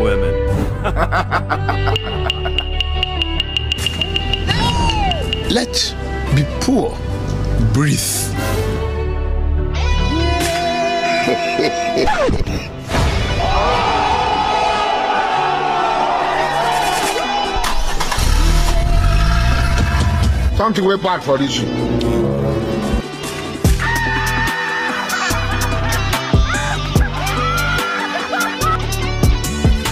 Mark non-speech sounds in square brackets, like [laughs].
Women. Let be poor breathe. [laughs] something wey bad for this.